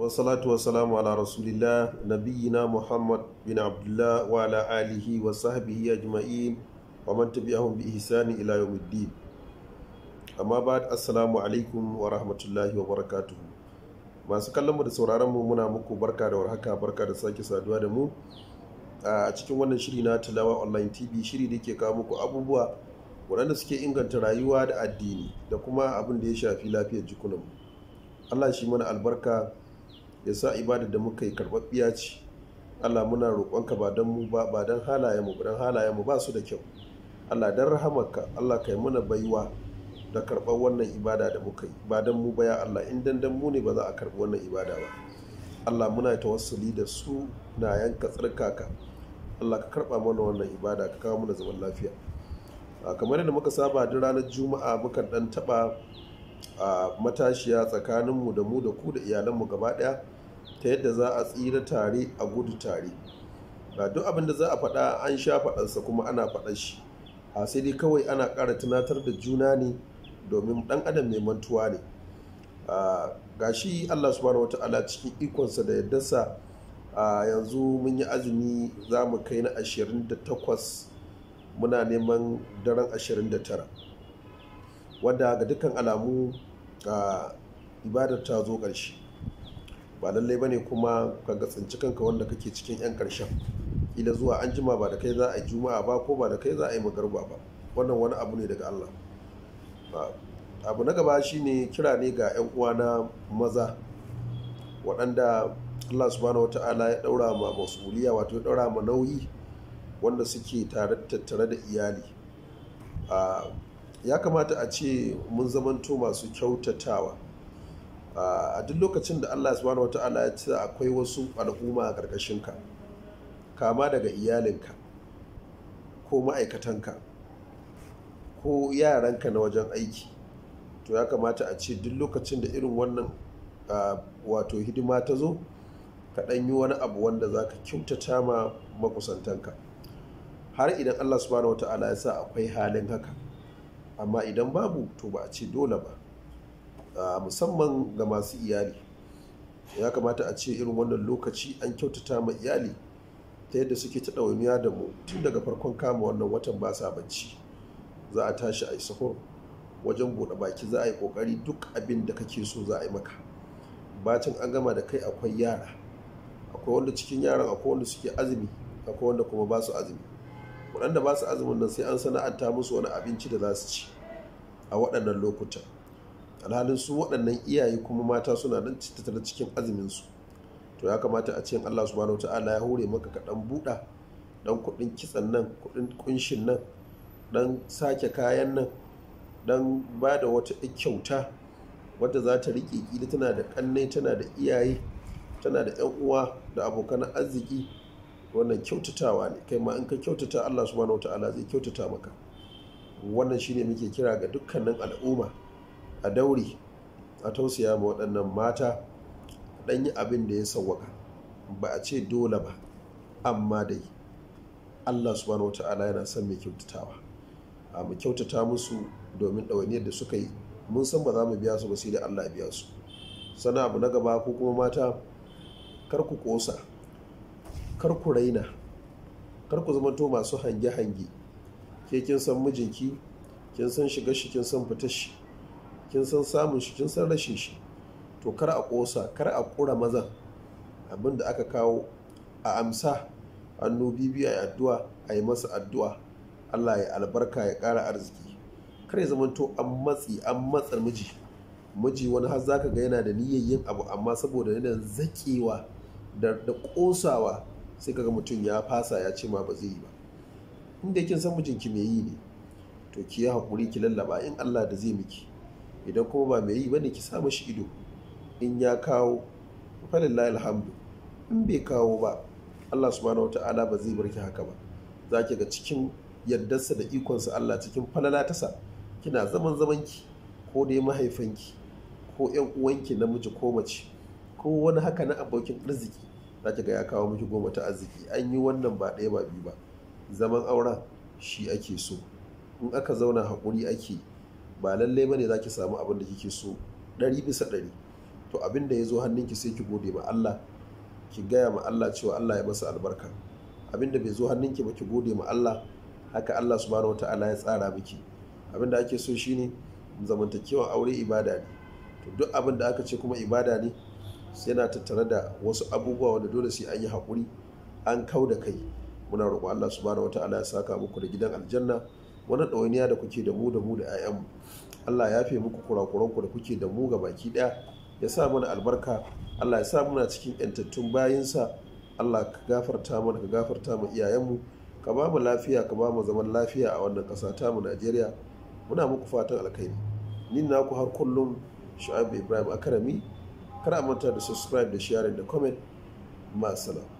wasalatu wasalamu ala rasulillah nabiyina muhammad bin abdullah wa ala alihi wa a ajma'in wa man tabi'ahum bi ihsani ila yawmiddin amma ba assalamu alaikum wa rahmatullahi wa barakatuhu masu kallon da sauraron mu muna muku barka da warhaka barka da sake saduwa da mu a cikin wannan shiri na tilawa online tv shiri da ke kawo muku abubuwa waɗanda suke inganta rayuwa da addini da kuma abin da ya shafi lafiyar jikunanmu allah shi mana albarka ya sa ibadar da muka yi karɓaɓɓiya ce Allah muna roƙonka ba don mu ba ba don halayenmu ba don mu ba su da kyau Allah don rahamarka Allah kai muna baiwa da karɓar wannan ibada da muka yi ba don mu ba ya Allah in dan dan mu ne ba za a karɓi wannan ibada ba Allah muna tawassuli da su na yanka tsarkaka Allah ka karɓa mana wannan ibada ka kawo mana zaman lafiya kamar yadda muka saba duk ranar juma'a muka dan taɓa matashiya tsakaninmu da mu da ku da iyalanmu gaba ɗaya ta yadda za a tsira tare a gudu tare ba duk abin da za a faɗa an sha faɗansa kuma ana faɗa shi a sai dai kawai ana ƙara tunatar da juna ne domin ɗan adam mai mantuwa ne ga shi allah subhanahu wata'ala cikin ikonsa da a yanzu mun yi azumi za mu kai na 28 muna neman daren 29 wadda ga dukkan alamu ibadar ta zo ƙarshe ba lallai bane kuma ka ga tsinci kanka wanda kake cikin yan karshen kila zuwa an jima ba da kai za a yi juma'a ba ko ba da kai za a yi magarba ba wannan wani abu ne daga Allah abu na gaba shine kira ne ga yan uwana maza waɗanda Allah subhanahu wata'ala ya ɗaura ma masuliya wato ya daura ma nauyi wanda suke tare tattare da iyali ya kamata a ce mun zamanto masu kyautatawa a duk lokacin da Allah subhanahu wata'ala ya ce akwai wasu al'umma a ka, kama daga iyalinka ko ma'aikatanka ko yaranka na wajen aiki to ya kamata a ce duk lokacin da irin wannan wato hidima ta zo ka ɗan yi wani abu wanda za ka kyautata ma makusantanka har idan Allah subhanahu wata'ala ya sa akwai halin haka amma idan babu to ba a ce dole ba A musamman ga masu iyali ya kamata a ce irin wannan lokaci an kyautata ma iyali ta yadda suke ta ɗawainiya da mu tun daga farkon kama wannan watan ba sa bacci za a tashi a yi wajen buɗe baki za a yi ƙoƙari duk abin da kake so za a yi maka bacin an gama da kai akwai yara akwai wanda cikin yaran akwai wanda suke azumi akwai wanda kuma ba su azumi waɗanda ba su azumin nan sai an sana'anta musu wani abinci da za su ci a waɗannan lokutan alhalin su waɗannan iyaye kuma mata suna nan tattare cikin azuminsu to ya kamata a cikin Allah subhanahu ta'ala ya hore maka ka dan buɗa dan kuɗin kitsan nan kuɗin kunshin nan dan sake kayan nan dan ba da wata kyauta wadda za ta riƙe ƙila tana da ƙannai tana da iyaye tana da ƴan uwa da abokan arziki wannan kyautatawa ne kai ma in ka kyautata Allah subhanahu ta'ala zai kyautata maka wannan shine muke kira ga dukkanin al'umma a dauri a tausaya ma waɗannan mata ɗan yi abin da ya sawwaka ba a ce dole ba amma dai allah subhanahu wa ta'ala yana son mai kyautatawa a mu kyautata musu domin ɗawainiyar da suka yi mun san ba za mu biya su ba sai dai allah ya biya su sana abu na gaba ko kuma mata kar ku kosa kar ku raina kar ku zamanto masu hange-hange ke kin san mijinki kin san shiga shi kin san fitashi. shi kin san samun shi kin san rashin shi to kar a ƙosa kar a ƙura mazan abin da aka kawo a amsa hannu bibiya ya addu'a a yi masa addu'a Allah ya albarka ya ƙara arziki kar ya zamanto an matsi an matsar miji miji wani har zaka ga yana da niyyar yin abu amma saboda yana zakewa da ƙosawa sai kaga mutum ya fasa ya ce ma ba zai yi ba inda kin san mijinki me yi ne to ki yi haƙuri ki lallaba in Allah da zai miki idan kuma ba mai yi bane ki sa mashi ido in ya kawo alhamdu in bai kawo ba Allah subhanahu wata'ala ba zai barki haka ba za ki ga cikin yardarsa da ikonsa Allah cikin falala tasa kina zaman zamanki ko dai mahaifanki ko yan uwanki namiji ko mace ko wani haka na abokin arziki za ki ga ya kawo miki goma ta arziki an yi wannan ba ɗaya ba biyu ba zaman auren shi ake so in aka zauna haƙuri ake ba lallai bane za ki samu abin da kike so ɗari bisa ɗari to abin da ya zo hannunki sai ki gode ma Allah ki gaya ma Allah cewa Allah ya masa albarka abin da bai zo hannunki ba ki gode ma Allah haka Allah subhanahu wata'ala ya tsara miki abin da ake so shine zamantakewa aure ibada ne to duk abin da aka ce kuma ibada ne sai na tattare da wasu abubuwa wanda dole sai an yi haƙuri an kau da kai muna roƙo Allah subhanahu wata'ala ya saka muku da gidan aljanna wani ɗawainiya da kuke da mu da mu da 'ya'yanmu Allah ya fi muku kurakuranku da kuke da mu ga baki ɗaya ya sa mana albarka Allah ya sa muna cikin yantattun bayinsa Allah ka gafarta mana ka gafarta mu iyayenmu ka ba mu lafiya ka ba mu zaman lafiya a wannan ƙasa ta mu Najeriya muna muku fatan alkhairi ni naku har kullum Shu'aib Ibrahim Akarami kar a manta da subscribe da sharing da comment ma